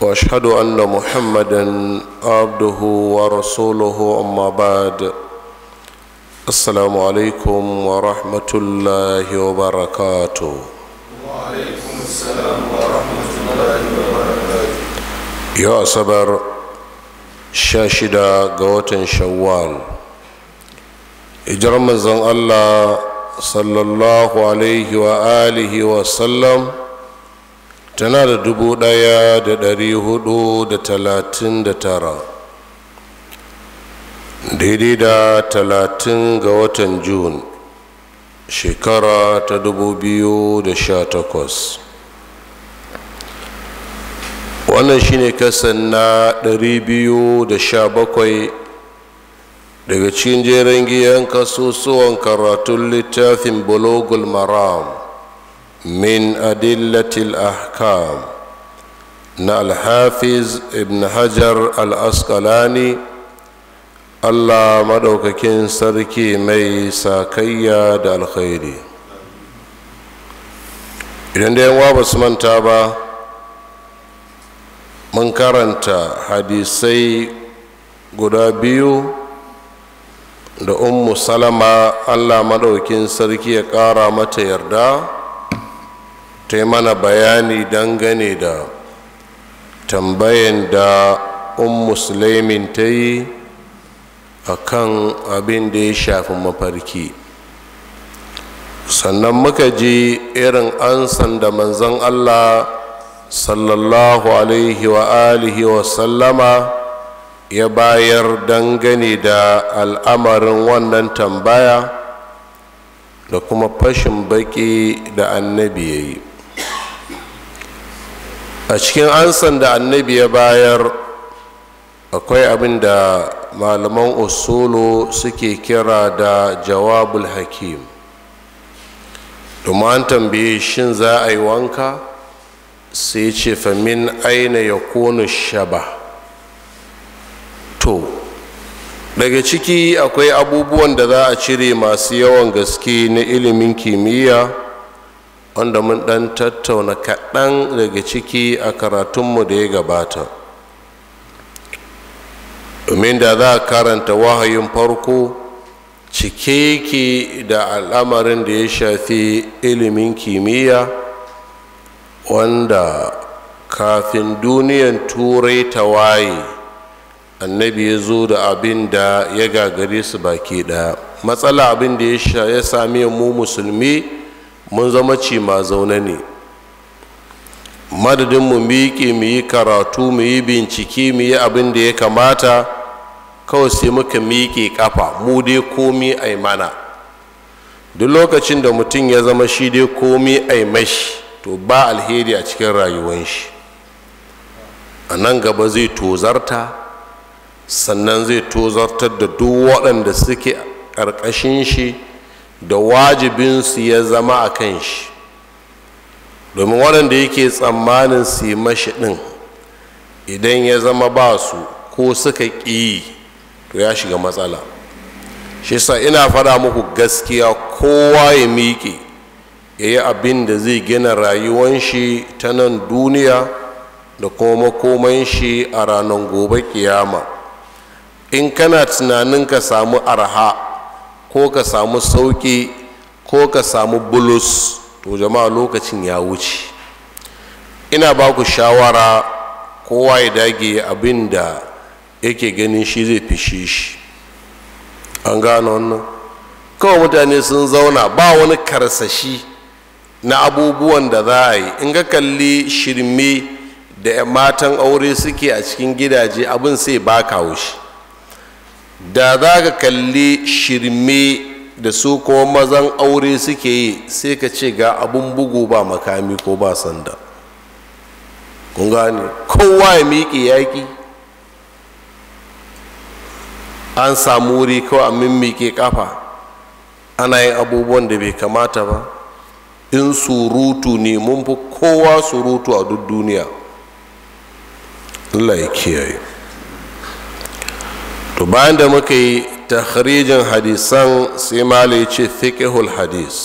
واشهد ان محمدا عبده ورسوله اما بعد السلام عليكم ورحمه الله وبركاته وعليكم السلام ورحمه الله وبركاته يا صبر شاشدا غوتن شوال اجرم زن الله صلى الله عليه واله وسلم tana da dubu ɗaya da ɗari hudu da talatin da tara daidai da talatin ga watan Jun shekara ta dubu biyu da sha takwas wannan shine kasan na ɗari biyu da sha bakwai daga cikin jeren giyan kasusuwan karatun littafin bologul maram من أدلة الأحكام نا الحافظ ابن حجر الأسقلاني الله مدوك مدوككين سركي مي ساكيا دا الخيري إذن دين وابس من تابا من كارنتا حديثي guda biyu da ummu salama allah maɗaukin sarki ya ƙara mata yarda ta yi mana bayani dangane da tambayan da un musulmin ta yi a kan abin da ya shafi mafarki sannan muka ji irin ansan da manzon allah sallallahu alaihi wa alihi wa sallama ya bayar dangane da al'amarin wannan tambaya da kuma fashin baki da annabi ya yi a cikin ansan da annabi ya bayar akwai abin da malaman usulu suke kira da jawabul hakim domin tambaye shin za a yi wanka sai ce famin aina ya kone shaba to daga ciki akwai abubuwan da za a cire masu yawan gaske na ilimin kimiyya wanda mun ɗan tattauna kaɗan daga ciki a karatunmu da ya gabata domin da za a karanta wahayin farko cike ki da al'amarin da ya shafi ilimin kimiyya wanda kafin duniyan turai ta waye annabi ya zo da abin da ya gagare su baki ɗaya matsala abin da ya sami mu musulmi mun zama ci ma zaune ne madadin mu miƙe mu yi karatu mu yi bincike mu yi abin da ya kamata kawai sai muka miƙe kafa mu dai komi a mana duk lokacin da mutum ya zama shi dai komi ai mashi to ba alheri a cikin rayuwan shi a nan gaba zai tozarta sannan zai tozartar da duk waɗanda suke ƙarƙashin shi da wajibin su ya zama a kan shi domin waɗanda yake tsammanin su yi mashi ɗin idan ya zama ba su ko suka ƙi to ya shiga matsala shi sa ina fada muku gaskiya kowa ya miƙe ya yi abin da zai gina rayuwan shi ta nan duniya da kuma makoman shi a ranar gobe kiyama in kana tunanin ka samu arha ko ka samu sauƙi ko ka samu bulus to jama'a lokacin ya wuce ina ba ku shawara kowa ya dage abin da yake ganin shi zai fishe shi an gano wannan kawai mutane sun zauna ba wani karsashi na abubuwan da za a yi in ga kalli shirme da matan aure suke a cikin gidaje abin sai baka shi. da za ka kalli shirme da su kuma mazan aure suke yi sai ka ce ga abun bugu ba makami ko ba sanda kun gane kowa ya miƙe yaƙi an samu wuri kawai a mimmiƙe ƙafa ana yin abubuwan da bai kamata ba in surutu ne mun fi kowa surutu a duk duniya allah to bayan da muka yi tahrijin hadisan sai mala ya ce fiqhul hadis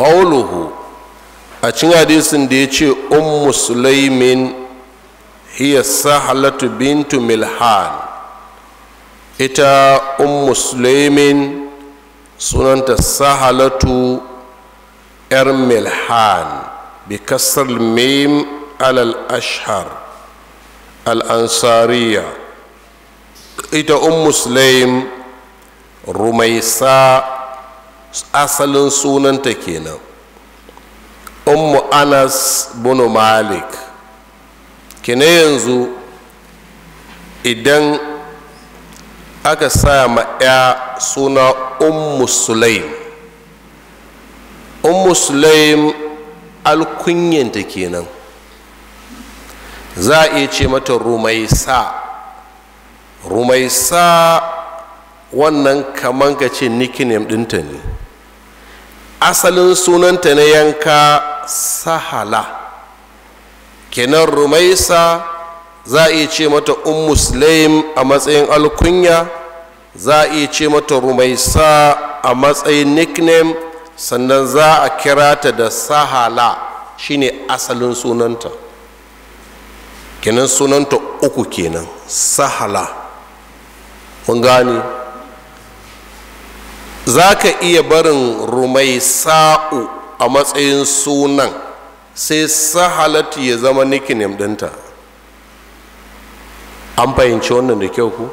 qawluhu a cikin hadisin da ya ce um musulmin hiya sahalatu bintu milhan ita um musulmin sunanta sahalatu yar milhan bi kasar mim alal ashhar al ansariya ita un um musulaim rumaisa asalin sunanta kenan ummu anas bunu malik kina yanzu idan aka sa ma 'ya suna ummu sulaim ummu sulaim alkunyanta kenan za a iya ce mata rumaisa rumaisa wannan kaman ka ce nickname ɗinta ne asalin sunanta na yanka sahala kenan rumaisa za a iya ce mata un musulaim a matsayin alkunya za a iya ce mata rumaisa a matsayin nickname sannan za a kira ta da sahala shine asalin sunanta kenan sunanta uku kenan sahala mun gani za ka iya barin rumai sa'u a matsayin sunan sai sahalatu ya zama nikin ɗinta an fahimci wannan da kyau ku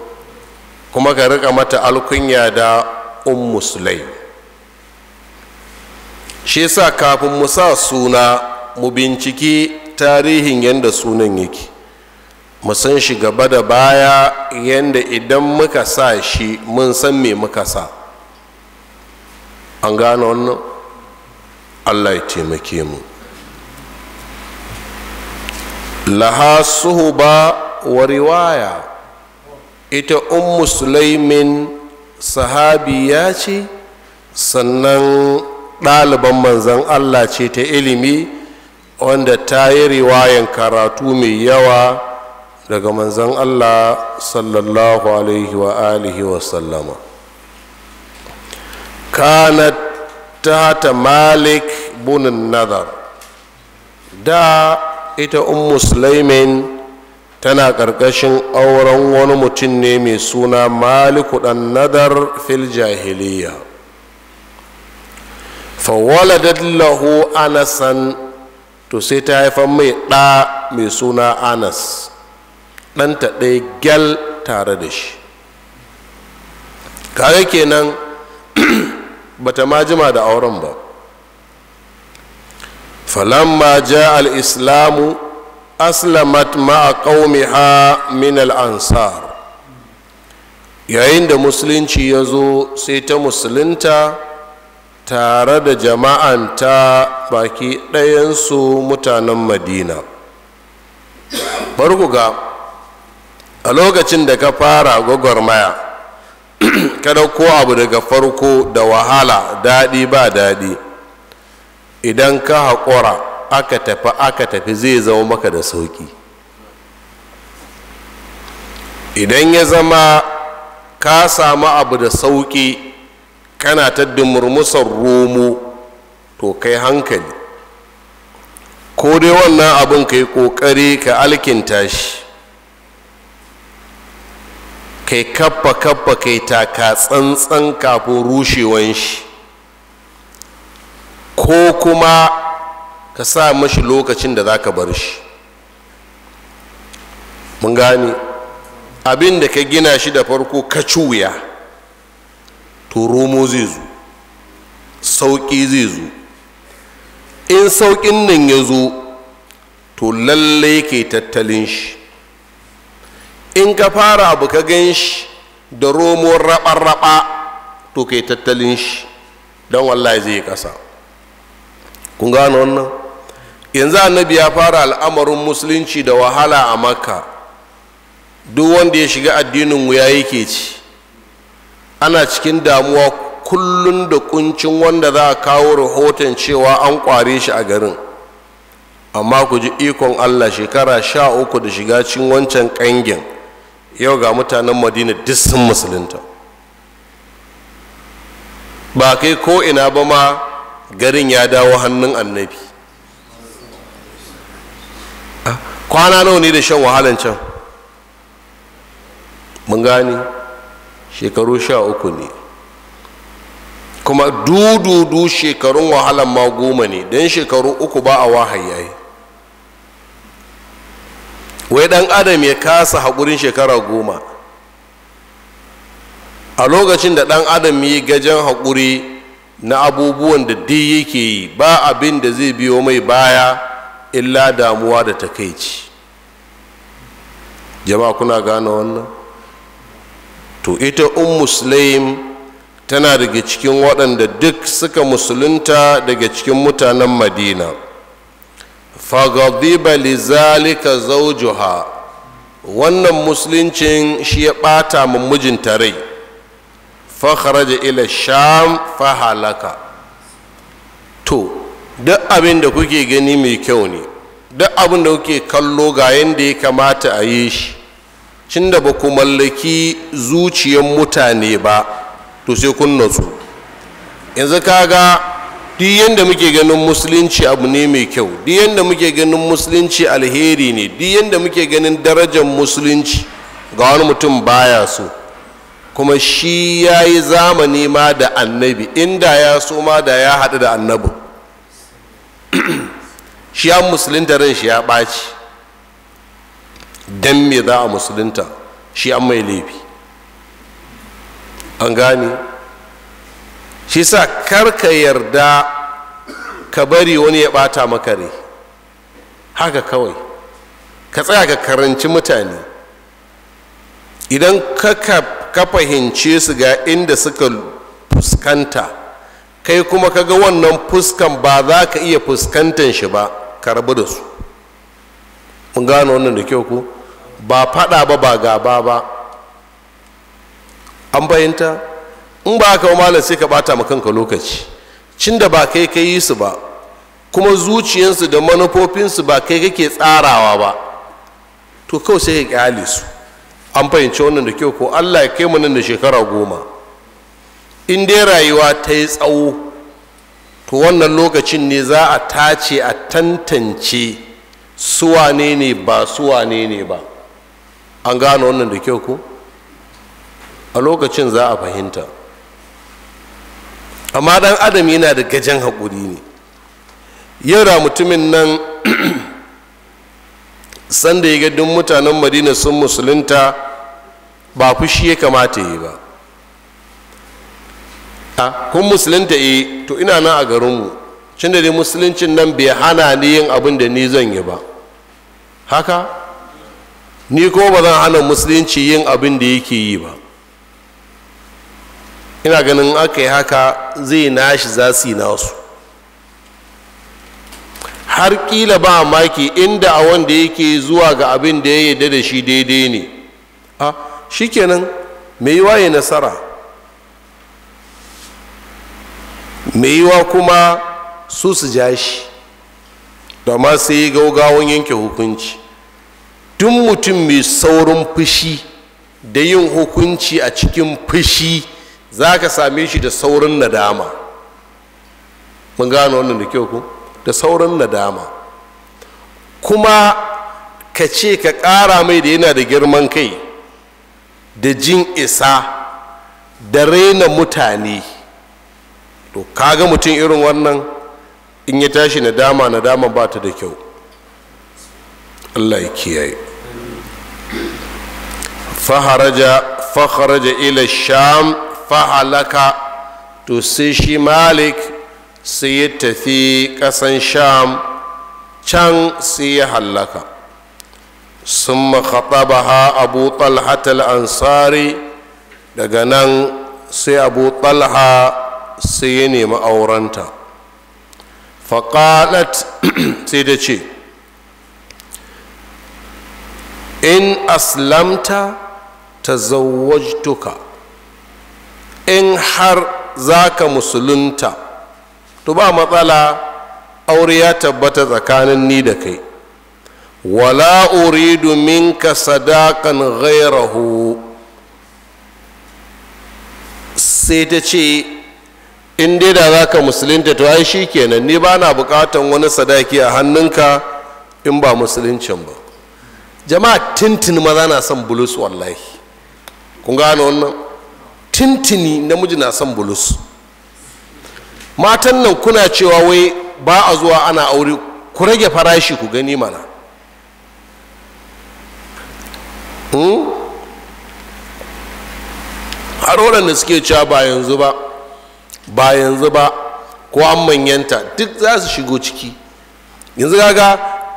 kuma ka rika mata alkunya da un musulai shi sa kafin mu sa suna mu binciki tarihin yadda sunan yake mu san shi gaba da baya yadda idan muka sa shi mun san me muka sa an gane wannan allah ya taimake mu laha suhuba wa riwaya ita ummu sulaimin ya ce sannan ɗaliban manzan allah ce ta ilimi wanda ta yi riwayan karatu mai yawa daga manzan allah sallallahu alaihi wa alihi wa sallama kanat tata malik bunin nazar da ita un musulmin tana ƙarƙashin auren wani mutum ne mai suna maliku ɗan nadar fil jahiliya fawaladat lahu anasan to sai ta haifan mai ɗa mai suna anas ɗanta ɗaya gyal tare da shi kare kenan bata ma jima da auren ba falamma ja al-islamu aslamat ma'a ha min al-ansar yayin da musulunci ya zo sai ta musulunta tare da ta baki ɗayansu mutanen madina barku ga a lokacin da ka fara gwagwarmaya ka ko abu daga farko da wahala daɗi ba daɗi idan ka haƙura aka tafi aka tafi zai zama maka da sauƙi idan ya zama ka samu abu da sauƙi kana ta dumurmusar romo to kai hankali ko dai wannan abin ka yi ƙoƙari ka alkinta shi kai kabba kabba kai taka tsantsan kafin rushewan shi ko kuma ka sa mashi lokacin da za ka bar shi mun gane abin da ka gina shi da farko ka cuya to romo zai zo sauƙi zai zo in sauƙin nan ya zo to lallai ke tattalin shi in ka fara abu ka gan shi da romo raba-raba to kai tattalin shi don wallahi zai yi ƙasa kun gano wannan yanzu annabi ya fara al'amarin musulunci da wahala a makka duk wanda ya shiga addinin wuya yake ci ana cikin damuwa kullum da kuncin wanda za a kawo rahoton cewa an kware shi a garin amma ku ji ikon allah shekara sha uku da shiga cin wancan ƙangin yau ga mutanen madina duk sun musulunta ba kai ko ina ba ma garin ya dawo hannun annabi ah, kwana nawa ne da shan wahalan can mun gane shekaru sha uku ne kuma dududu shekarun wahalan ma goma ne don shekaru uku ba a wahayi wai dan adam ya kasa haƙurin shekara goma a lokacin da dan adam yi gajen haƙuri na abubuwan da dai yake yi ba abin da zai biyo mai baya illa damuwa da takaici jama'a kuna gane wannan to ita um muslim tana daga cikin waɗanda duk suka musulunta daga cikin mutanen madina fagadiba lizalika wannan musuluncin shi ya ɓata mu mijinta rai fakharaja ila sham to duk abin da kuke gani mai kyau ne duk abin da kuke kallo ga yadda ya kamata a yi shi cin da ba ku mallaki zuciyar mutane ba to sai kun natsu yanzu kaga duk yadda muke ganin musulunci abu ne mai kyau duk yadda muke ganin musulunci alheri ne duk yadda muke ganin darajar musulunci ga wani mutum baya so kuma shi ya yi zamani ma da annabi inda ya so ma da ya haɗu da annabin shi an musulunta ran shi ya ɓaci don me za a musulunta shi an mai laifi an gane shi sa karka yarda ka bari wani ya bata maka rai haka kawai ka tsaya ka karanci mutane idan ka fahimce su ga inda suka fuskanta kai kuma ka ga wannan fuskan ba za ka iya fuskantar shi ba ka rabu da su mun gano wannan da kyau ku ba fada ba ba gaba ba an bayanta in ba haka malam sai ka bata ma kanka lokaci cin da ba kai ka yi su ba kuma zuciyarsu da manufofinsu ba kai kake tsarawa ba to kawai sai ka kyale su an fahimci wannan da kyau ko allah ya kai mu nan da shekara goma in dai rayuwa ta yi tsawo to wannan lokacin ne za a tace a tantance suwane ne ba suwane ne ba an gane wannan da kyau ko a lokacin za a fahimta amma dan adam yana da gajen haƙuri ne yara mutumin nan sanda ya duk mutanen madina sun musulunta ba fushi ya kamata yi ba a kun musulunta yi eh, to ina nan a garinmu cin da dai musuluncin nan bai hana ni yin abin da ni zan yi ba haka ni ko ba zan hana musulunci yin abin da yake yi ba ina ganin aka yi haka zai nashi za su yi nasu har kila ba maki inda a wanda yake zuwa ga abin da ya yarda da shi daidai ne a shikenan mai yiwa ya nasara mai yiwa kuma su su ja shi da ma sai gaugawan yanke hukunci tun mutum mai saurin fushi da yin hukunci a cikin fushi za ka same shi da saurin nadama mun gano wannan da kyau ku da saurin nadama kuma ka ce ka ƙara mai da yana da girman kai da jin isa da raina mutane to ga mutum irin wannan in ya tashi nadama nadama ba ta da kyau allah ya kiyaye faharaja ila sham fahalaka to sai shi malik sai ya tafi ƙasan sham can sai ya hallaka sun ha abu talhatal ansari daga nan sai abu talha sai ya nemi aurenta faƙalat sai da ce in aslamta ta zawajtuka in har za ka musulunta to ba matsala aure ya tabbata tsakanin ni da kai wala uridu ka sadakan ghairahu sai ta ce in dai da za ka musulunta to ai shi kenan ni ba na bukatan wani sadaki a hannunka in ba musuluncin ba jama'a tintin maza na son bulus wallahi kun gane wannan tintini namiji na son bulus matan nan kuna cewa wai ba a zuwa ana aure ku rage farashi ku gani mana hmm? har waɗanda suke cewa ba yanzu ba ba yanzu ba ko an manyanta duk za su shigo ciki yanzu gaga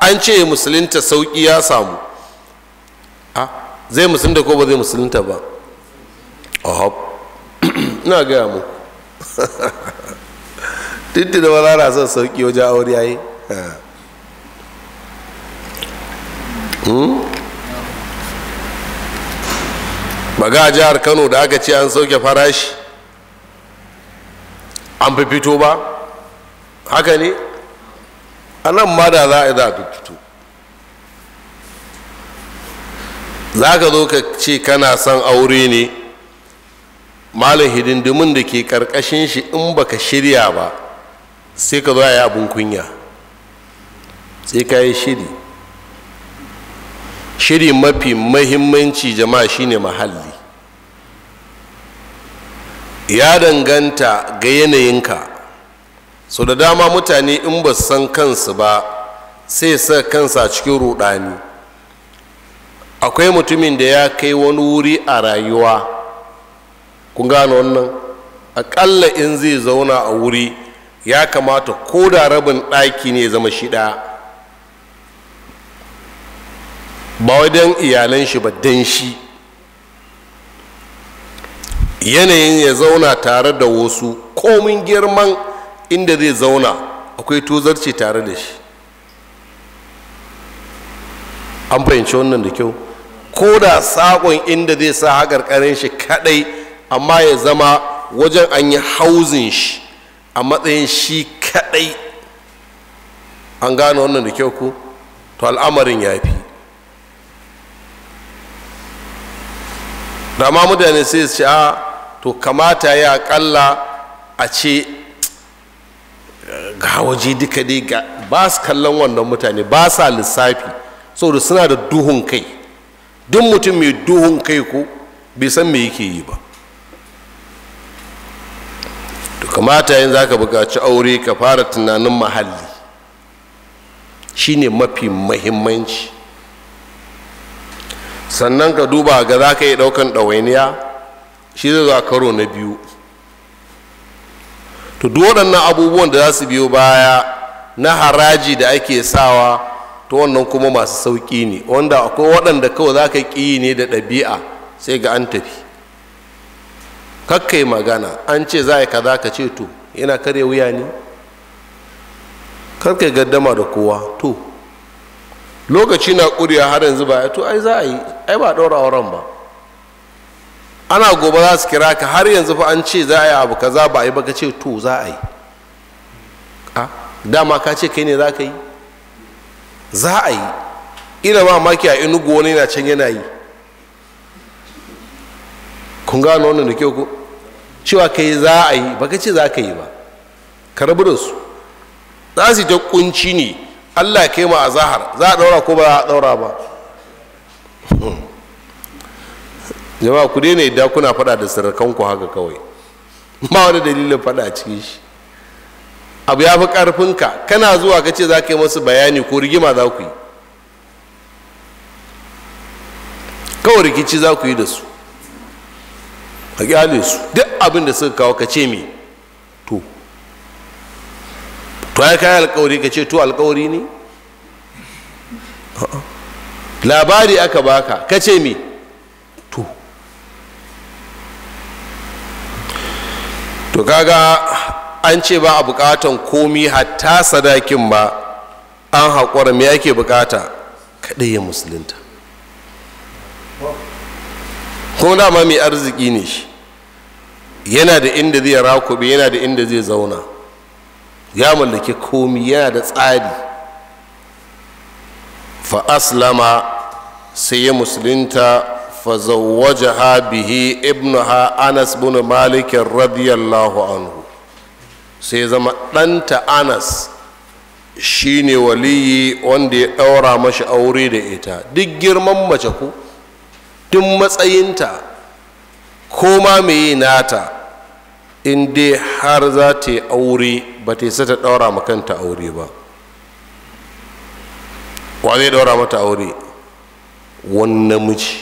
an ce musulunta sauƙi ya samu ah, zai musulunta ko ba zai musulunta ba ahab ina gaya mu titi da wala na son sauki wajen aure yayi hmm? ba ga jihar kano da aka ce an sauke farashi an fi fito ba haka ne a nan ma da za a za a fito za ka zo ka ce kana son aure ne malam hidindimin da ke karkashin shi in baka shirya ba sai ka zo yi abin kunya sai ka yi shiri shiri mafi mahimmanci jama'a shine mahalli ya danganta ga yanayinka so da dama mutane in ba san kansu ba sai sa kansa cikin rudani akwai mutumin da ya kai wani wuri a rayuwa kun gane wannan aƙalla in zai zauna a wuri ya kamata ko da rabin ɗaki ne zama shi ɗaya ba wai don iyalan shi ba don shi yanayin ya zauna tare da wasu komin girman inda zai zauna akwai tozarci tare da shi an fahimci wannan da kyau ko da saƙon inda zai sa haƙarƙarin shi kaɗai amma ya zama wajen an yi hauzin shi a matsayin shi kadai an gane wannan da kyau ku to al'amarin ya fi da mutane sai su ce a to kamata ya kalla a ce ga waje duka dai ba su kallon wannan mutane ba sa lissafi saboda suna da duhun kai duk mutum mai duhun kai ko bai san me yake yi ba kamata yin za ka buƙaci aure ka fara tunanin mahalli shine mafi mahimmanci sannan ka duba ga za ka yi ɗaukan ɗawainiya shi zai za karo na biyu to duk waɗannan abubuwan da za su biyo baya na haraji da ake sawa to wannan kuma masu sauƙi ne wanda akwai waɗanda kawai za ka ƙi ne da ɗabi'a sai ga an tafi yi magana an ce za a yi kaza ka ce to yana karya wuya ne yi gaddama da kowa to lokaci na kuriya har yanzu ba to ai za a yi ai ba ɗaura auren ba ana gobe za su kira ka har yanzu fa an ce za a yi abu kaza ba a yi ba ka ce to za a yi dama ka ce kai ne za ka yi za a yi ina ma maki a inugu wani na can yana yi kun gano wannan da kyau ku cewa yi za a yi ba ka ce za ka yi ba ka rabu da su za su ta kunci ne allah ka yi ma a zahar za a daura ko ba za a daura ba jama'a ku daina yadda kuna fada da ku haka kawai ba wani dalilin fada a cikin shi abu ya fi ka kana zuwa ka ce za ka yi masu bayani ko rigima za ku yi kawai rikici za ku yi da su a kyale su duk abin da suka kawo ka ce me to to ya kai alkawari ka ce to alkawari ne labari aka baka ka ce me to to kaga an ce ba a bukatan komi hatta sadakin ba an haƙura me yake bukata kaɗai ya musulunta kuma dama mai arziki ne shi yana da inda zai rakube yana da inda zai zauna ya mallaki komi yana da tsari fa aslama sai ya musulunta fa zawwajaha bihi Ha' anas bin malikin radiyallahu anhu sai zama ɗanta anas shine waliyi wanda ya ɗaura mashi aure da ita duk girman mace ko. duk matsayinta ko ma yi nata in dai har za ta yi aure ba ta sata daura ɗaura ma kanta aure ba wa zai ɗaura mata aure wannan namiji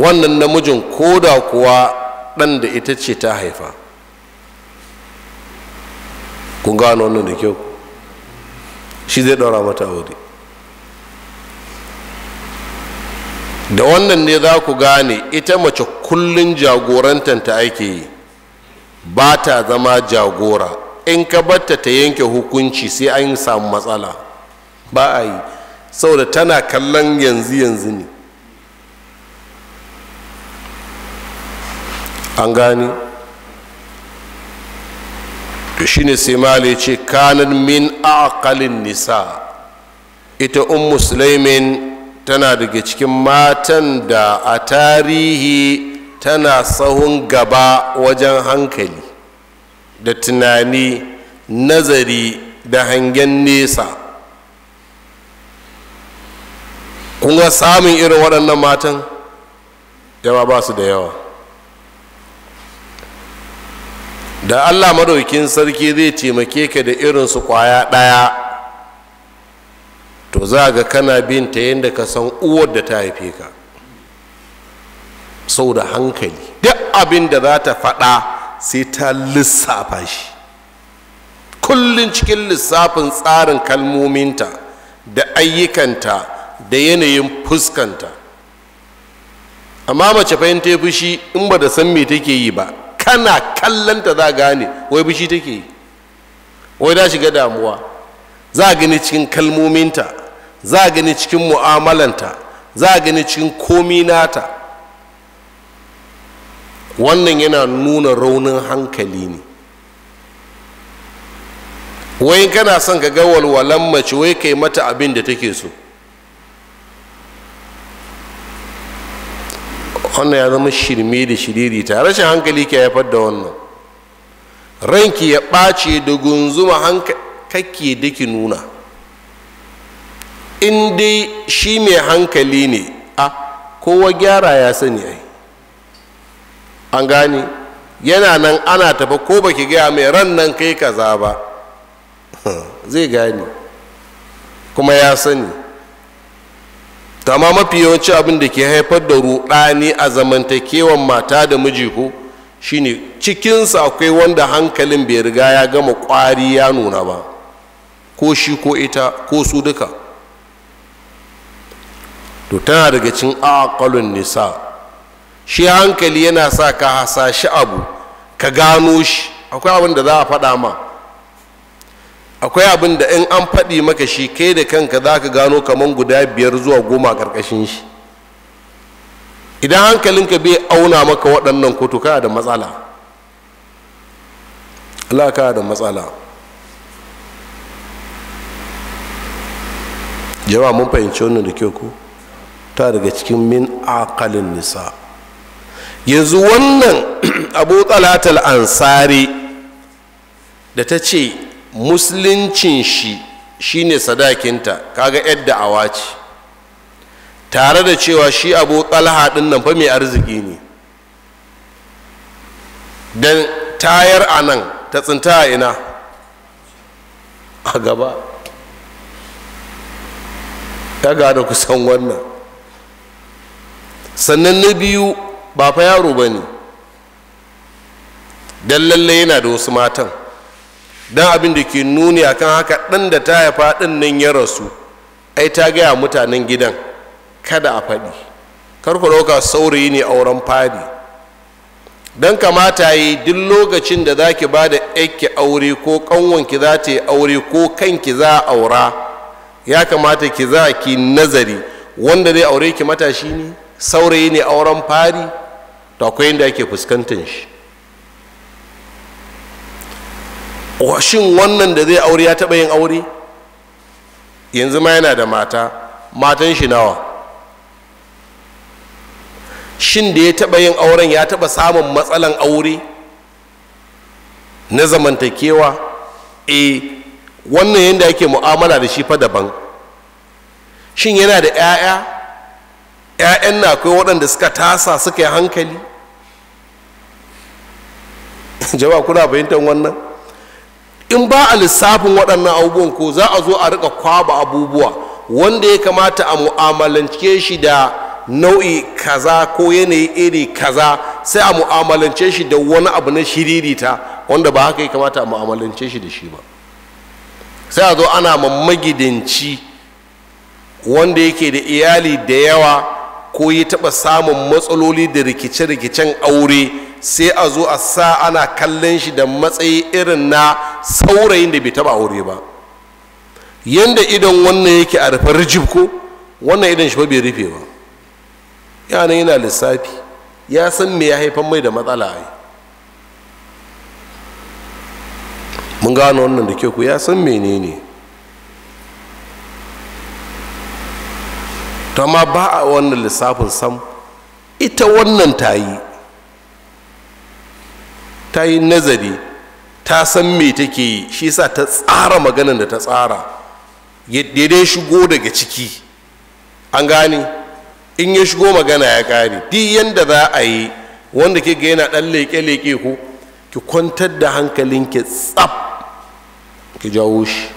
wannan namijin koda kuwa ɗan da ita ce ta haifa kun gano wannan da kyau shi zai ɗaura mata aure da wannan ne za ku gane ita mace kullun jagorantanta ake yi ba ta zama jagora in ka batta ta yanke hukunci sai an samu matsala ba a yi saboda tana kallon yanzu yanzu ne an gani to ne sai male ce kanan min aqalin nisa ita um musulmin tana daga cikin matan da a tarihi tana sahun gaba wajen hankali da tunani nazari da hangen nesa Kuma samun irin waɗannan matan yawa ba su da yawa da allah maɗaukin sarki zai taimake ka da irinsu ƙwaya ɗaya to za ga kana bin ta yadda ka san uwar da ta haife ka sau da hankali duk abin da za ta faɗa sai ta lissafa shi kullum cikin lissafin tsarin kalmominta da ayyukanta da yanayin fuskanta amma mace fahimta ya fushi in ba da san me take yi ba kana kallanta za gane wai fushi take yi wai ta shiga damuwa za a gani cikin kalmominta za a gani cikin mu'amalanta za a gani cikin kominata wannan yana nuna raunin hankali ne wai kana son ka ga walwalan mace wai kai mata abin da take so wannan ya zama shirme da shiriri ta rashin hankali ke haifar da wannan ranki ya ɓace da gunzuma hankali kakke da ki nuna in dai shi mai hankali ne a kowa gyara ya sani ai an gane yana nan ana tafa ko ba ki gaya mai ran nan kai kaza ba zai gane kuma ya sani amma mafi yawanci abin da ke haifar da ruɗani a zamantakewan mata da miji ko shine cikinsa akwai wanda hankalin bai riga ya gama ƙwari ya nuna ba ko shi ko ita ko su duka to tana daga cin aqalun nisa shi hankali yana sa ka hasashi abu ka gano shi akwai abin da za a faɗa ma akwai abin da in an faɗi maka shi kai da kanka za ka gano kamar guda biyar zuwa goma ƙarƙashin shi idan hankalinka bai auna maka waɗannan kotu kana da matsala Allah kana da matsala jama'a mun fahimci wannan da kyau ku ta daga cikin min akalin nisa yanzu wannan abu talatal ansari da ta ce musuluncin shi shine sadakinta kaga yadda awa ce tare da cewa shi abu talha din nan fa mai arziki ne Dan tayar a nan ta tsinta a ina a gaba ya gada kusan wannan sannan na biyu ba fa yaro ba ne don lalle yana da wasu matan don abin da ke nuni kan haka ɗan da ta haifa ɗin nan ya rasu ai ta gaya mutanen gidan kada a faɗi karku ɗauka saurayi ne auren fari don kamata yi duk lokacin da za ki ba da aure ko ƙanwanki za ta yi aure ko kanki za a aura ya kamata ki za ki nazari wanda zai aure ki matashi ne saurayi ne auren fari to akwai yadda ake fuskantar shi shin wannan da zai aure ya taɓa yin aure yanzu ma yana da mata matan shi nawa shin da ya taɓa yin auren ya taɓa samun matsalan aure na zamantakewa Eh. wannan yadda yake mu'amala da shi fa daban shin yana da 'ya'ya 'ya'yan na akwai waɗanda suka tasa suka yi hankali jama'a kuna fahimtar wannan in ba a lissafin waɗannan abubuwan ko za a zo a rika kwaba abubuwa wanda ya kamata a mu'amalance shi da nau'i kaza ko yanayi iri kaza sai a mu'amalance shi da wani abu na shiririta wanda ba haka ya kamata a mu'amalance shi da shi ba sai a zo ana magidanci wanda yake da iyali da yawa ko yi taɓa samun matsaloli da rikice-rikicen aure sai a zo a sa ana kallon shi da matsayi irin na saurayin da bai taɓa aure ba yanda idan wannan yake a rufe rijib ko wannan idan shi ba bai rufe ba yana yana lissafi ya san me ya haifan mai da matsala ai mun gano wannan da ke ku ya san menene to ma ba a wannan lissafin sam ita wannan ta yi ta yi nazari ta san me take yi shi sa ta tsara maganin da ta tsara yadda dai shigo daga ciki an gane in ya shigo magana ya kare duk yadda za a yi wanda ke ga yana ɗan leke leƙe ko ki kwantar da hankalin hankalinki tsaf ki jawo shi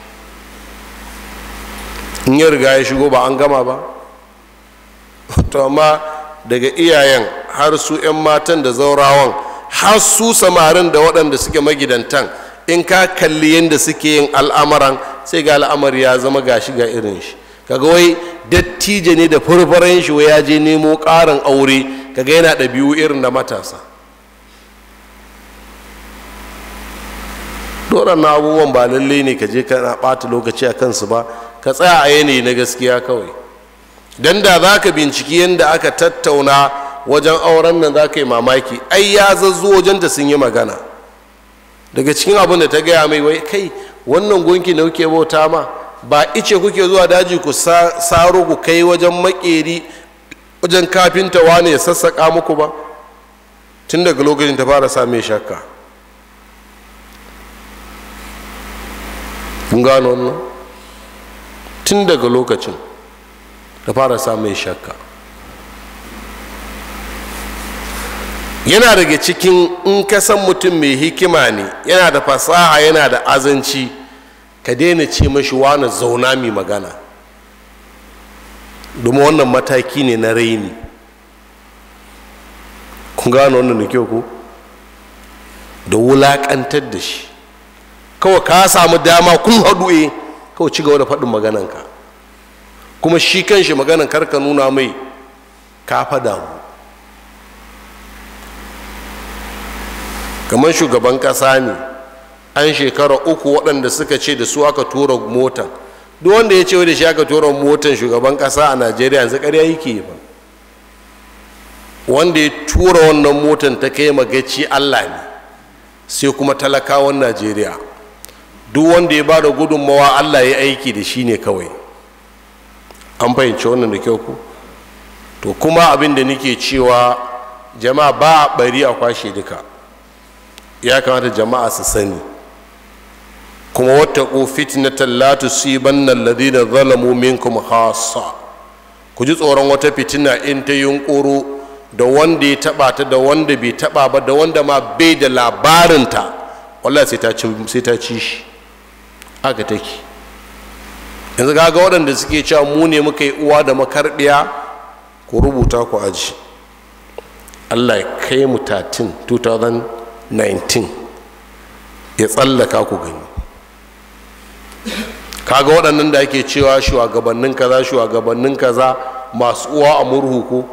in ya riga ya shigo ba an gama ba to amma daga iyayen har su 'yan matan da zaurawan har su samarin da waɗanda suke magidantan in ka kalli yadda suke yin al'amuran sai ga al'amari ya zama gashi ga irin shi kaga wai dattijo ne da furfaren shi ya je nemo ƙarin aure kaga yana ɗabi'u irin da matasa dole abubuwan ba lalle ne ka je kana bata lokaci a kansu ba ka tsaya a yanayi na gaskiya kawai dan da za ka binciki yadda aka tattauna wajen auren nan za ka yi mamaki ai ya zazzu wajen da sun yi magana daga cikin abin da ta gaya mai wai kai wannan gunki da kuke bauta ma ba ice kuke zuwa daji ku saro ku kai wajen makeri wajen kafinta wane ya sassaƙa muku ba tun daga lokacin ta fara same shakka kun gano wannan tun daga lokacin da fara samun shakka yana daga cikin in ka san mutum mai hikima ne yana da fasaha yana da azanci ka daina ce mashi wani zauna mai magana domin wannan mataki ne na raini kun gano wannan da kyau ko da wulaƙantar da shi kawai ka samu dama kun haɗu e kawai ci gaba da faɗin magananka kuma shi kanshi maganan karka nuna mai ka faɗa mu kamar shugaban ƙasa ne an shekara uku waɗanda suka ce da su aka tura motan duk wanda ya ce da shi aka tura motan shugaban ƙasa a najeriya yanzu ƙarya yake ba wanda ya tura wannan motan ta kai magaci allah ne sai kuma talakawan najeriya duk wanda ya bada gudunmawa allah ya aiki da shi ne kawai an fahimci wannan da kyau ku to kuma abin da nake cewa jama'a ba a bari a kwashe duka ya kamata jama'a su sani kuma wata ku fitnatan la tusibanna alladhina zalamu minkum khassa ku ji tsoron wata fitina in ta yunkuru da wanda ya taba ta da wanda bai taba ba da wanda ma bai da labarinta wallahi sai ta ci shi aka take yanzu ga waɗanda suke cewa mu ne muka yi uwa da makarbiya ku rubuta ku aji allah ya kai mu 13 2019 ya tsallaka ku gani kaga waɗannan da ake cewa shugabannin kaza shugabannin kaza masu uwa a murhu ko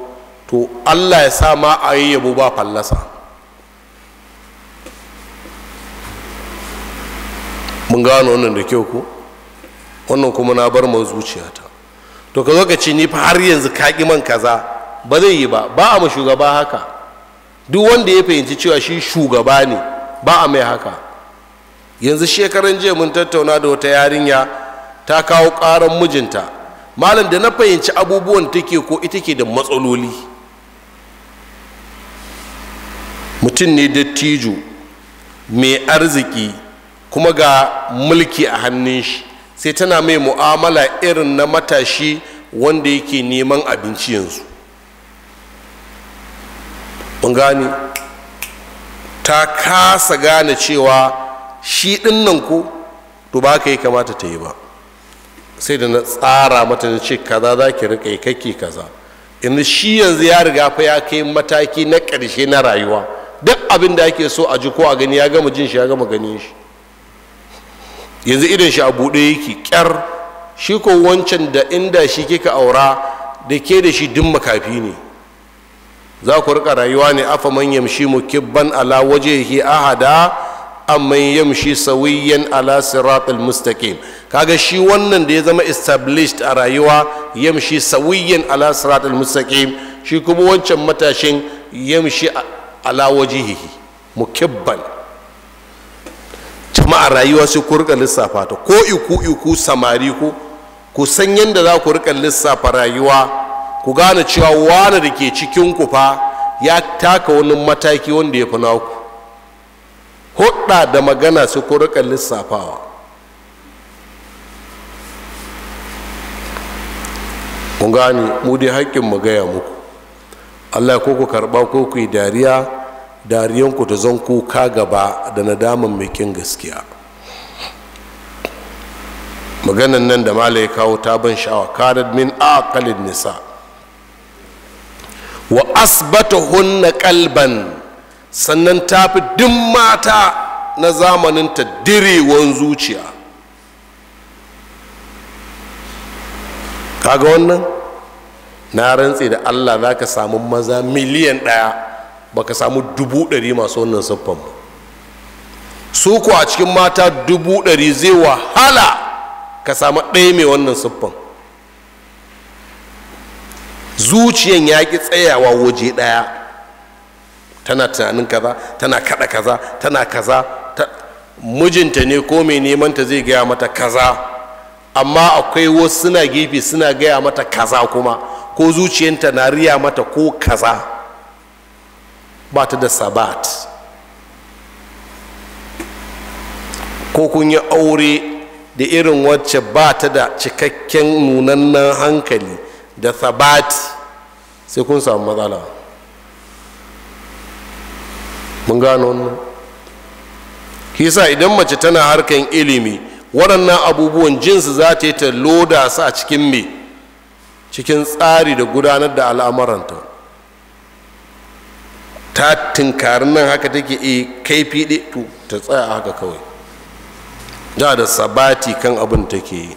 to allah ya sa ma a yi yabo ba fallasa mun gano wannan da kyau ko wannan kuma na bar mu zuciyata to ka zo ce ni fa har yanzu ka ƙi man kaza ba zai yi ba ba a mu shugaba haka duk wanda ya fahimci cewa shi shugaba ne ba a mai haka yanzu shekaran jiya mun tattauna da wata yarinya ta kawo ƙaran mijinta malam da na fahimci abubuwan take ko ita ke da matsaloli mutum ne dattijo mai arziki kuma ga mulki a hannun shi sai tana mai mu'amala irin na matashi wanda yake neman abinci yanzu mun ta kasa gane cewa shi dinnan ko to ba ka yi kamata ta yi ba sai da na tsara mata na ce kaza za ki riƙa yi kake kaza inda shi yanzu ya riga fa ya kai mataki na ƙarshe na rayuwa duk abin da ake so a ji ko a gani ya gama jin shi ya gama ganin shi yanzu idan shi a buɗe yake ƙyar shi ko wancan da inda shi kika aura da ke da shi duk makafi ne za ku rika rayuwa ne afa man yamshi kibban ala yake ahada amman yamshi sawiyyan ala siratul mustaqim kaga shi wannan da ya zama established a rayuwa yamshi sawiyyan ala siratul mustaqim shi kuma wancan matashin yamshi ala wajihi mukibban amma a rayuwa sai ku rika lissafa ta ko iku iku samari ku ku san yadda za ku rika lissafa rayuwa ku gane cewa wani da ke cikin ku fa ya taka wani mataki wanda ya fi naku hudda da magana sai ku rika lissafawa ku gane mu dai haƙƙin mu gaya muku allah ko ku karɓa ko ku yi dariya dariyanku ta zan kuka gaba da nadaman mai kin gaskiya maganan nan da mala ya kawo ta ban sha'awa kanat min aqalin nisa wa asbatahunna kalban sannan ta fi duk mata na zamanin zamaninta direwan zuciya kaga wannan na rantse da allah za ka samu maza miliyan ɗaya baka samu dubu ɗari masu wannan siffan ba su ku a cikin mata dubu ɗari zai wahala ka samu ɗaya mai wannan siffan zuciyan ya ƙi tsayawa waje ɗaya tana tunanin kaza tana kaɗa kaza tana kaza mijinta ne ko mai neman ta zai gaya mata kaza amma akwai wasu suna gefe suna gaya mata kaza kuma ko zuciyanta na riya mata ko kaza ba ta da sabat ko kun yi aure da irin wacce ba ta da cikakken nunannan hankali da sabat sai kun samu matsala mun gano wannan kisa idan mace tana harkan ilimi waɗannan abubuwan jinsu za ta yi ta loda su a cikin me cikin tsari da gudanar da al'amuranta ta tunkari nan haka take e eh, kaifi ɗe to ta tsaya haka kawai da da sabati kan abin take yi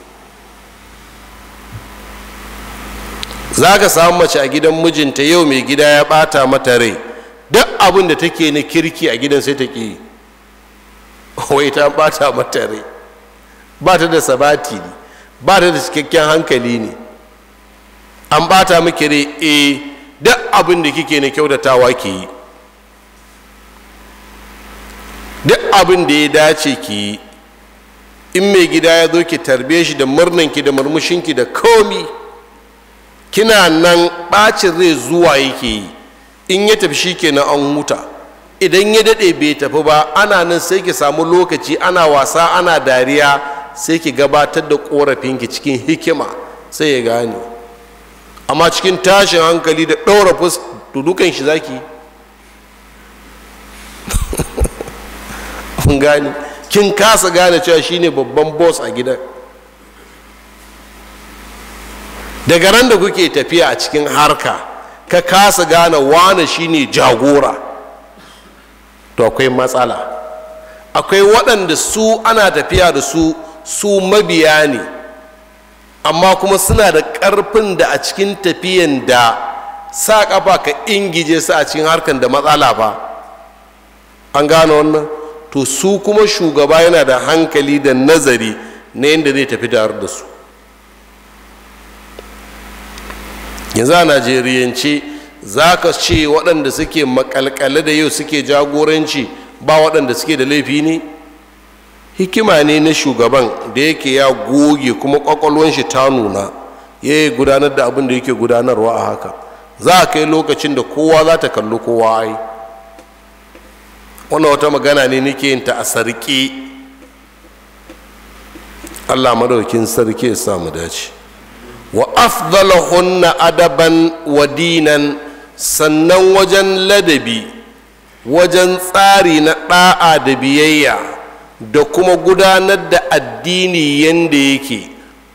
za ka samu mace a gidan mijinta yau mai gida ya ɓata mata rai duk abin da take na kirki a gidan sai ta yi. wai ta ɓata mata rai ba ta da sabati ne ba ta da cikakken hankali ne an ɓata miki rai e duk abin da kike na kyautatawa ke yi duk abin da ya dace ki yi in mai gida ya zo ki tarbe shi da murnanki da murmushinki da komi kina nan bacin zai zuwa yake yi in ya tafi shi kenan an huta idan ya daɗe bai tafi ba ana nan sai ki samu lokaci ana wasa ana dariya sai ki gabatar da korafinki cikin hikima sai ya gane amma cikin tashin hankali da ɗaura fuska dukan shi zaki kin gane kin kasa gane cewa shine babban boss a gidan daga ran da kuke tafiya a cikin harka ka kasa gane wane shine jagora to akwai matsala akwai waɗanda su ana tafiya da su su mabiya ne amma kuma suna da ƙarfin da a cikin tafiyan da sa ƙafa ka ingije su a cikin harkar da matsala ba an gane wannan to su kuma shugaba yana da hankali da nazari na yadda zai tafi tare da su yanzu a najeriyance za ka ce waɗanda suke makalkale da yau suke jagoranci ba waɗanda suke da laifi ne hikima ne na shugaban da yake ya goge kuma ƙwaƙwalwan shi ta nuna ya yi gudanar da abin da yake gudanarwa a haka za a kai lokacin da kowa za ta kalli kowa ai wannan wata magana ne nake yin ta a sarki allah madaukin sarki ya samu dace wa afdalahunna adaban wa dinan sannan wajen ladabi wajen tsari na ɗa'a da biyayya da kuma gudanar da addini yadda yake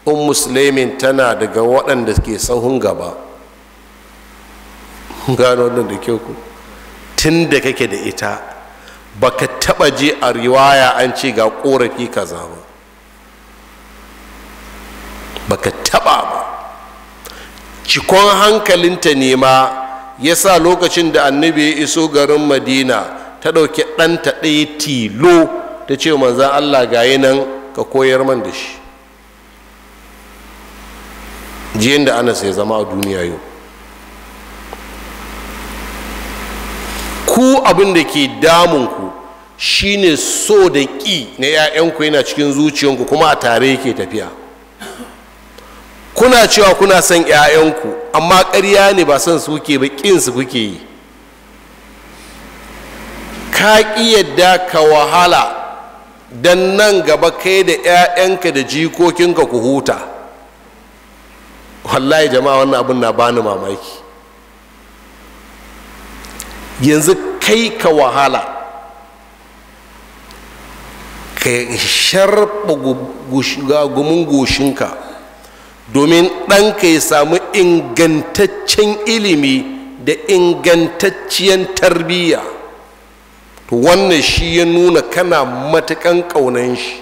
un umm musulmin tana daga waɗanda ke sahun gaba gano wannan da kyau ku tun da kake da ita baka taba je a riwaya an ce ga korafi kaza ba baka taba ba cikon hankalinta ne ma ya sa lokacin da annabi ya iso garin madina ta ɗauki ɗanta ɗaya tilo ta ce manzan allah gayi nan ka koyar man da shi jiyan da anas ya zama a duniya yau ku abin da ke damunku shine so da ƙi na 'ya'yanku yana cikin zuciyanku kuma a tare yake tafiya kuna cewa kuna son 'ya'yanku amma ƙarya ne ba son su ke ba su kuke yi ka ƙi yadda ka wahala don nan gaba kai da 'ya'yanka da jikokinka ku huta wallahi jama'a wannan abin na bani mamaki yanzu kai ka wahala ka sharɓa gumin goshinka domin ɗanka ya samu ingantaccen ilimi da ingantacciyar tarbiyya to wannan shi ya nuna kana matuƙan ƙaunan shi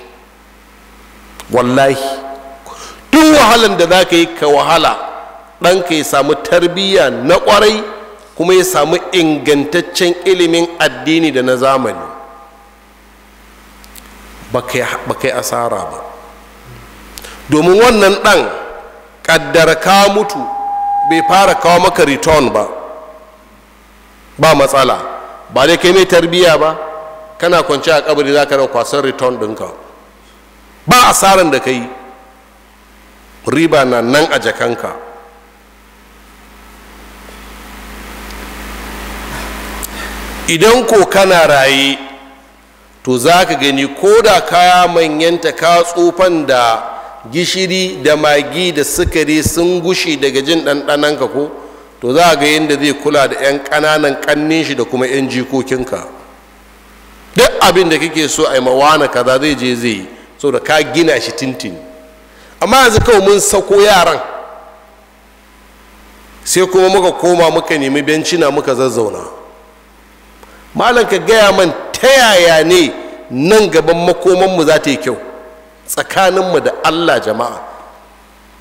wallahi duk wahalan da za ka yi ka wahala ɗanka ya samu tarbiyya na ƙwarai kuma ya samu ingantaccen ilimin addini da na zamani ba kai asara ba domin wannan ɗan ƙaddara ka mutu bai fara kawo maka return ba ba matsala ba dai kai mai tarbiyya ba kana kwanci a kabari za ka kwasan return ɗinka ba asaran da ka yi riba na nan a jakanka idan ko kana raye to za ka gani ko da kaya manyanta ka tsofan da gishiri da magi da sukari sun gushe daga jin ɗanɗananka ko to za ga yadda zai kula da 'yan ƙananan ƙannin shi da kuma 'yan jikokinka duk abin da kake so a yi mawana kaza zai je zai so da ka gina shi tintin amma yanzu kawai mun sako yaran sai kuma muka koma muka nemi bencina muka zazzauna malam ka gaya man ta yaya ne nan gaban makomanmu za ta yi kyau tsakaninmu da allah jama'a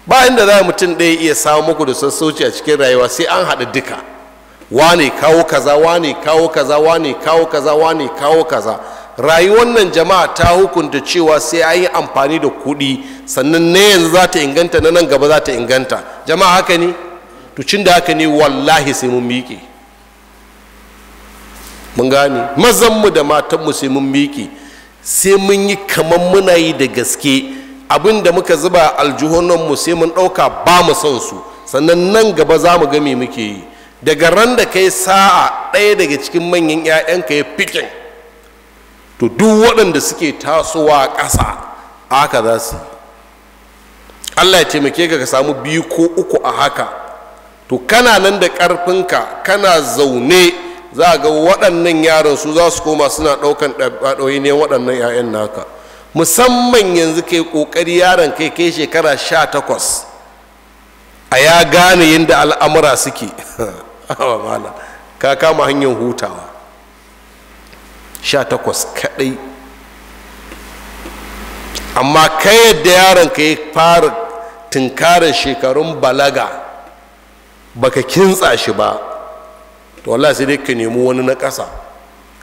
ba inda za mutum ɗaya iya samu muku da sassauci a cikin rayuwa sai an haɗa duka wane kawo kaza wane kawo kaza wane kawo kaza wane kawo kaza rayuwar nan jama'a ta hukunta cewa sai an yi amfani da kuɗi sannan na yanzu za ta inganta na nan gaba za ta inganta jama'a haka ne to cin da haka ne wallahi sai mun miƙe mun gane mazanmu da matanmu sai mun miƙe sai mun yi kamar muna yi da gaske abinda muka zuba aljihunanmu sai mun ɗauka ba mu son su sannan nan gaba za mu game muke yi daga ran da kai sa'a ɗaya daga cikin manyan 'ya'yanka ya fikin to duk waɗanda suke tasowa a ƙasa haka za su allah ya taimake ka ka samu biyu ko uku a haka to kana nan da ƙarfinka kana zaune za a ga waɗannan yaran su za su koma suna ɗaukan ɗaɗoyi ne waɗannan 'ya'yan naka musamman yanzu kai ƙoƙari yaron kai kai shekara sha takwas a ya gane yadda al'amura suke ka kama hanyar hutawa sha takwas kaɗai amma kai yadda yaron ka ya fara tunkarar shekarun balaga baka kintsa shi ba to wallahi sai dai ka nemi wani na ƙasa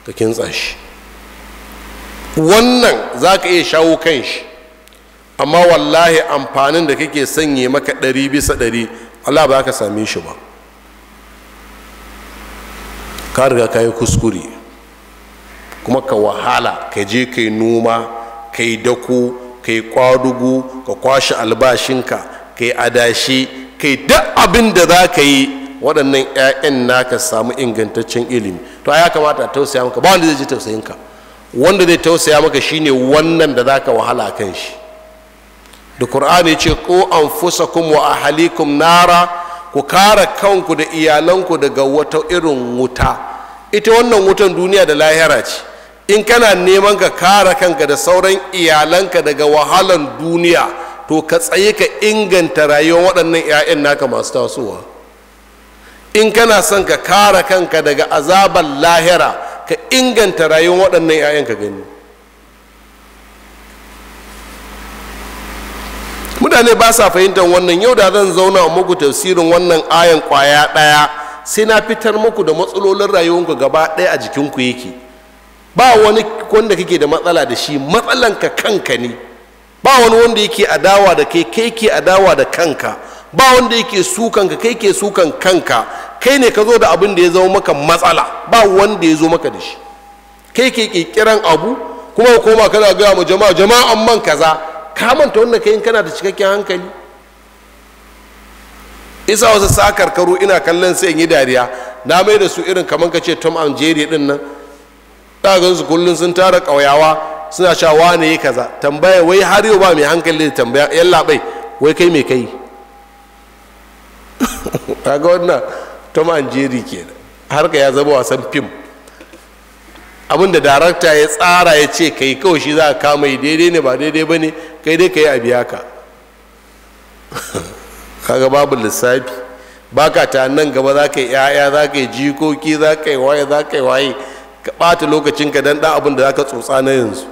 ka kintsa shi wannan za ka iya shawo kan shi amma wallahi amfanin da kake sanye maka ɗari bisa ɗari allah ba ka same shi ba ka riga ka yi kuskure kuma ka wahala ka je ka yi noma ka yi dako ka yi kwadugu ka kwashe albashinka ka yi adashi ka yi duk abin da za ka yi waɗannan 'ya'yan naka samu ingantaccen ilimi to ya kamata tausaya maka ba wanda zai ji tausayin ka wanda zai tausaya maka shine wannan da zaka wahala kan shi da qur'ani ce ko anfusakum wa ahlikum nara ku kare kanku da iyalanku daga wata irin wuta ita wannan wutan duniya da lahira ce in kana neman ka kare kanka da sauran iyalanka daga wahalan duniya to ka tsaye ka inganta rayuwar waɗannan 'ya'yan naka masu tasowa in kana son ka kara kanka daga azabar lahira ka inganta rayuwar waɗannan 'ya'yan ka gani mutane ba sa fahimtar wannan yau da zan zauna muku tafsirin wannan ayan kwaya ɗaya sai na fitar muku da matsalolin rayuwarku gaba ɗaya a jikinku yake ba wani wanda kake da matsala da shi matsalanka kanka ne ba wani wanda yake adawa da kai kai ke adawa da kanka ba wanda yake sukan ka kai ke sukan kanka kai ne ka zo da abin da ya zama maka matsala ba wanda ya zo maka da shi kai ke kirkiran abu kuma koma kana gaya ma jama'a jama'an man kaza ka manta wanda kai kana da cikakken hankali isa wasu sa karkaru ina kallon sai in yi dariya na mai da su irin kamar ka ce tom and jerry din nan ga su kullum sun tara ƙauyawa suna cewa wane kaza tambaya wai har yau ba mai hankali da tambaya yallaɓai wai kai mai kai kaga wannan tom and jerry har harka ya zama wasan fim abinda darakta ya tsara ya ce kai kawai shi za a kama yi daidai ne ba daidai ba ne kai dai ka yi a ka kaga babu lissafi ba ka ta nan gaba za ka yi 'ya'ya za ka yi jikoki za ka yi waye za ka yi waye ka ɓata lokacinka don ɗan abin da za ka tsotsa na yanzu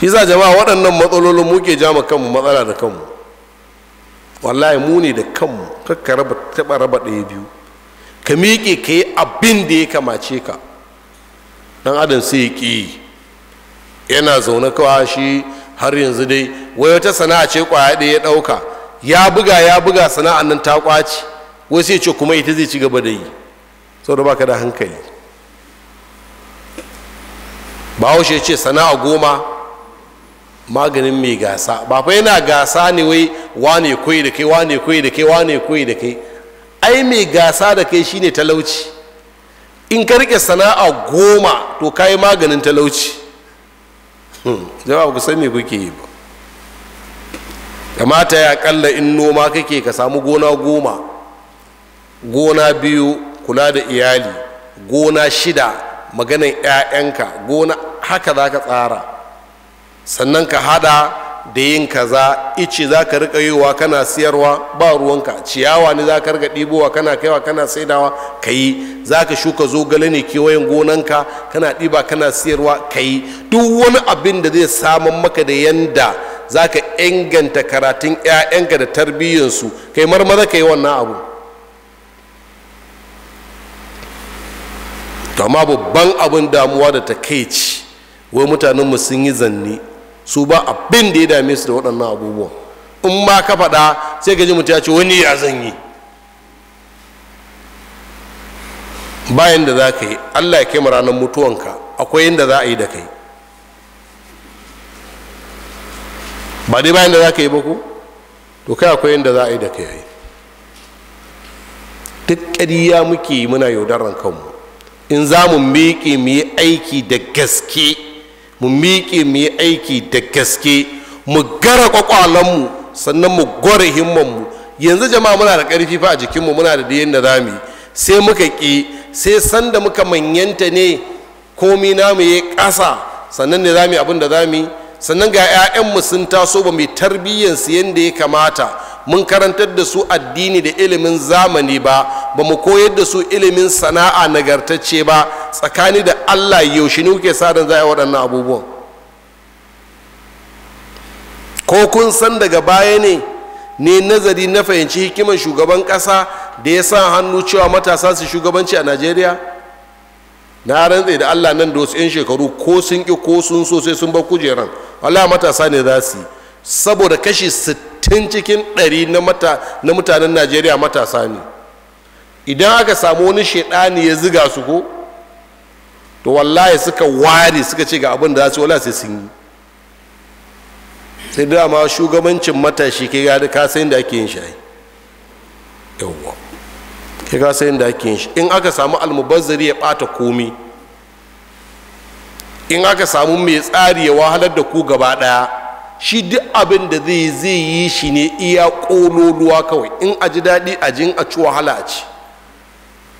shi za jama'a waɗannan matsalolin muke jama kanmu matsala da kanmu wallahi mu ne da kanmu kakka raba taɓa raba ɗaya biyu ka miƙe ka yi abin da ya kamace ka ɗan adam sai ya ƙi yana zaune kawa shi har yanzu dai wai wata sana'a ce kwaya ɗaya ya ɗauka ya buga ya buga sana'an nan ta kwaci wai sai ce kuma ita zai ci gaba da yi saboda baka da hankali ya ce sana'a goma maganin mai gasa ba fa yana gasa ne wai wane koyi da kai wane koyi da kai wane koyi da kai ai mai gasa da kai shine talauci in ka rike sana'a goma to kayi maganin talauci hmm, jama'a ku san me kuke yi ba kamata ya kalla in noma kake ka samu gona goma gona biyu kula da iyali gona shida maganin 'ya'yanka gona haka za ka tsara sannan ka hada da yin kaza ice za ka rika wa kana siyarwa ba ruwanka ciyawa ne za ka rika ɗibowa kana kaiwa kana saidawa ka yi za ka shuka zogale ne kewayen gonanka kana ɗiba kana siyarwa ka yi duk wani abin da zai samun maka da yanda za ka inganta karatun 'ya'yanka da tarbiyyarsu kai marmaza ka yi wannan abu to amma babban abin damuwa da ta kai ci wai mutanenmu sun yi zanni su ba abin da ya dame su da waɗannan abubuwan in ma ka faɗa sai ka ji mutum ya ce wani ya zan yi bayan da za ka yi allah ya kai mu ranar mutuwanka akwai yadda za a yi da kai ba dai bayan da za ka yi ba ku to kai akwai yadda za a yi da kai yi duk ƙariya muke muna yaudaran kanmu in za mu miƙe mu yi aiki da gaske mu miƙe mu yi aiki da gaske mu gara kwakwalanmu sannan mu gwara himmanmu yanzu jama'a muna da ƙarfi fa a jikinmu muna da diyan da zamu sai muka ƙi sai sanda muka manyanta ne komi namu ya ƙasa sannan ne zamu abin da zamu sannan ga 'ya'yanmu sun taso ba mai tarbiyyansu yadda ya kamata mun karantar da su addini da ilimin zamani ba ba mu koyar da su ilimin sana'a nagartacce ba tsakani da allah yaushe ne kuke sadan za a waɗannan abubuwan ko kun san daga baya ne ne nazari na fahimci hikimar shugaban ƙasa da ya sa hannu cewa matasa su shugabanci a najeriya na rantse da allah nan da wasu 'yan shekaru ko sun ƙi ko sun so sai sun bar kujeran allah matasa ne za su yi saboda kashi 60 cikin 100 na mutanen najeriya matasa ne idan aka samu wani shaidani ya ziga su ko to wallahi suka ware suka ce ga abin da za su wala sai sun yi sai dama shugabancin matashi ke gadi ka da ake yin shayi yawwa ya sai yadda ake shi in aka samu almubazzari ya bata komi in aka samu mai tsari ya wahalar da ku gaba daya shi duk abin da zai zai yi shi ne iya kololuwa kawai in a ji daɗi a jin a ci wahala a ci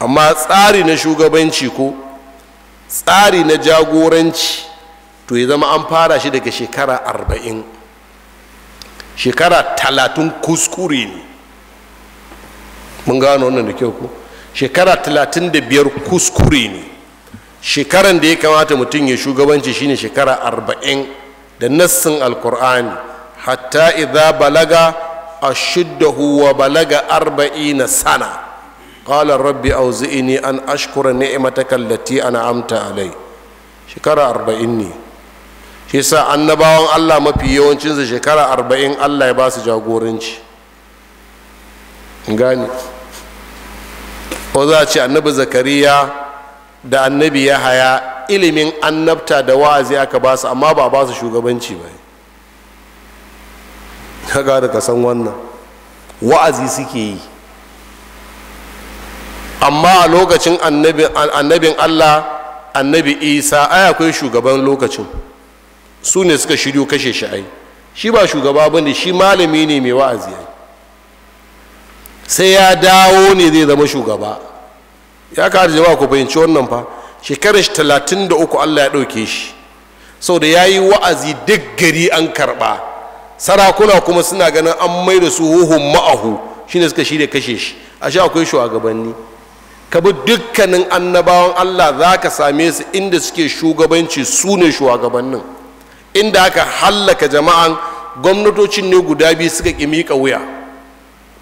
amma tsari na shugabanci ko tsari na jagoranci to ya zama an fara shi daga shekara arba'in shekara talatin kuskure ne mun gano wannan da kyau ko shekara talatin da biyar kuskure ne shekaran da ya kamata mutum ya shugabanci shine shekara arba'in da nassin alkur'ani hatta idza balaga ashiddahu wa balaga arba'ina sana qala rabbi auzi'ni an ashkura ni'mataka allati an'amta alai shekara arba'in ne shi yasa annabawan Allah mafi yawancinsa shekara arba'in Allah ya ba su jagoranci gane ko za a ce annabi zakariya da annabi ya haya ilimin annabta da wa'azi aka ba su amma ba ba su shugabanci ba ka gada ka san wannan wa'azi suke yi amma a lokacin annabin allah annabi isa ai akwai shugaban lokacin su ne suka shiryo kashe shi ai shi ba shugaba ba ne shi malami ne mai wa'azi sai ya dawo ne zai zama shugaba ya kada jama'a ku fahimci wannan fa shekarar shi talatin da uku allah ya ɗauke shi sau da ya yi wa'azi duk gari an karɓa sarakuna kuma suna ganin an mai da su huhun ma'ahu shine suka shirya kashe shi a sha akwai shugabanni ka bi dukkanin annabawan allah za ka same su inda suke shugabanci su ne shugabannin inda aka hallaka jama'an gwamnatocin ne guda biyu suka ƙi miƙa wuya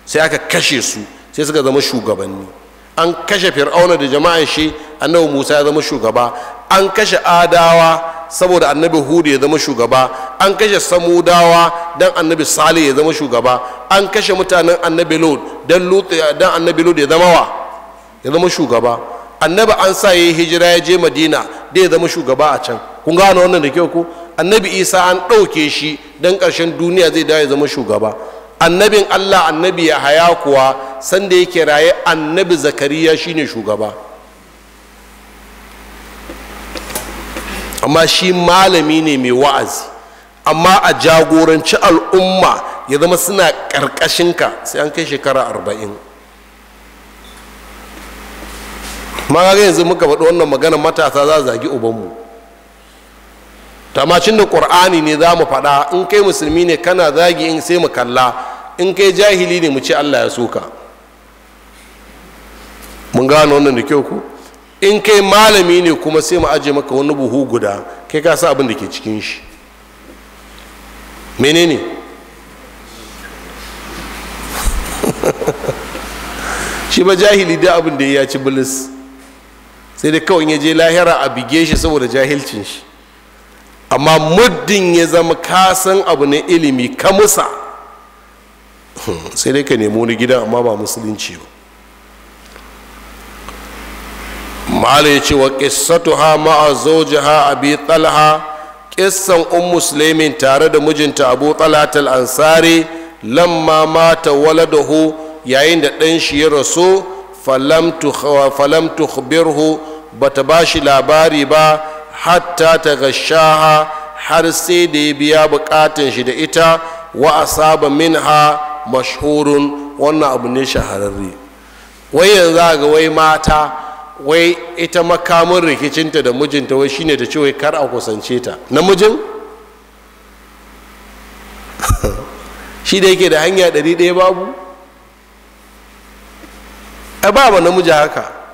sai aka kashe su sai suka zama shugabanni an kashe fir'auna da jama'a shi annabi musa ya zama shugaba an kashe adawa saboda annabi hudu ya zama shugaba an kashe samudawa dan annabi salih ya zama shugaba an kashe mutanen annabi lod dan dan annabi lod ya zama wa ya zama shugaba annabi an sa yayi hijira ya je madina da ya zama shugaba a can kun gano wannan da kyau ko annabi isa an ɗauke shi dan ƙarshen duniya zai dawo ya zama shugaba annabin allah annabi ya haya kuwa sanda yake raye annabi zakariya shine shugaba amma shi malami ne mai wa'azi amma a jagoranci al'umma ya zama suna ka sai an kai shekara arba'in ma yanzu muka faɗi wannan magana matasa za a zagi ubanmu tamacin da ƙur'ani ne za mu faɗa in kai musulmi ne kana zagi in sai mu kalla in kai jahili ne mu ce allah ya soka mun gano wannan da kyau ku in kai malami ne kuma sai mu aje maka wani buhu guda kai ka sa abin da ke cikin shi menene shi ba jahili da abin da ya ci bilis sai dai kawai ya je lahira a bige shi saboda jahilcin shi amma muddin ya zama kasan abu na ilimi ka musa sai dai ka nemi wani gidan amma ba musulunci ba ma'ala ya ce wa ha ma'a ha abi talha kissan un musulmin tare da mijinta abu talha ansari lamma mata hu yayin da ɗan shi ya rasu ba ta bata shi labari ba hatta ta gashaha har sai da ya biya bukatun shi da ita wa asaba minha mashhurun wannan abu ne shahararre wai yanzu ga wai mata wai ita makamin rikicinta da mijinta wai shine ta ce wai kar a kusance ta namijin shi da yake da hanya ɗari ɗaya babu a ba namiji haka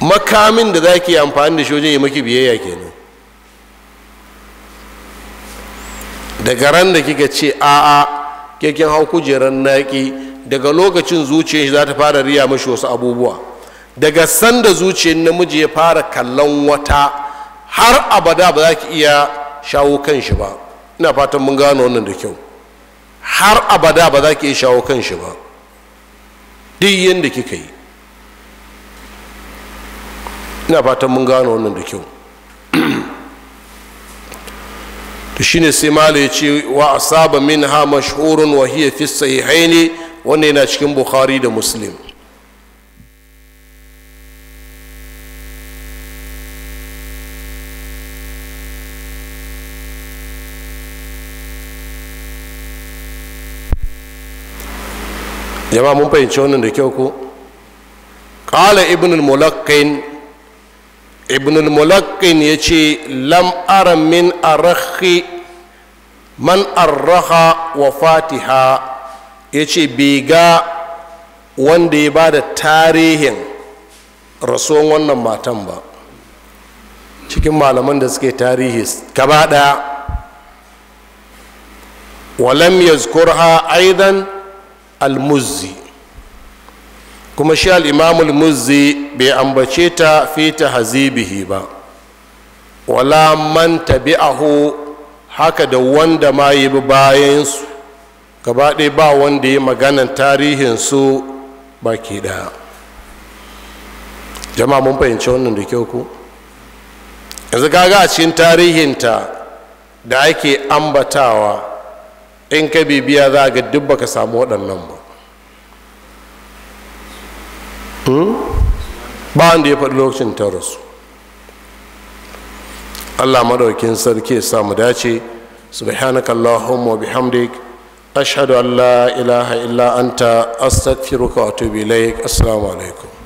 makamin da za ki amfani da shojin yi maki biyayya kenan daga ran da kika ce a'a kekin hau kujerar naki daga lokacin zuciyar shi za ta fara riya mashi wasu abubuwa daga sanda zuciyar namiji ya fara kallon wata har abada ba za ki iya shawo kan shi ba ina fatan mun gano wannan da kyau har abada ba za ki iya shawo kan shi ba duk yadda kika yi ina fatan mun gano wannan da kyau to shine sai mala ya ce wa asaba ha mashhurun wa hiya fi sahihain wannan yana cikin bukhari da muslim jama'a mun fahimci wannan da kyau ko qala ibn al ibn mulakkin ya ce lam arahi man arraha wa fatiha ya ce ga wanda ya ba da tarihin rasuwan wannan matan ba cikin malaman da suke tarihi gaba ɗaya walam yazkurha aidan almuzi. kuma shi al'imamul muzzi bai ambace ta fi ta hazibihi ba wala man tabi'ahu haka da wanda ma yi bi bayansu gaba ɗaya ba wanda ya maganan tarihinsu baki ɗaya jama'a mun fahimci wannan da kyau ku yanzu kaga a cikin tarihinta da ake ambatawa in ka bibiya za a ga duk baka samu waɗannan ba Hmm? ba wanda ya faɗi lokacin ta rasu allah maɗaukin sarki ya mu dace subhanaka allahumma wa bihamdik ashhadu an la ilaha illa anta astaghfiruka wa atubu ilaik assalamu alaikum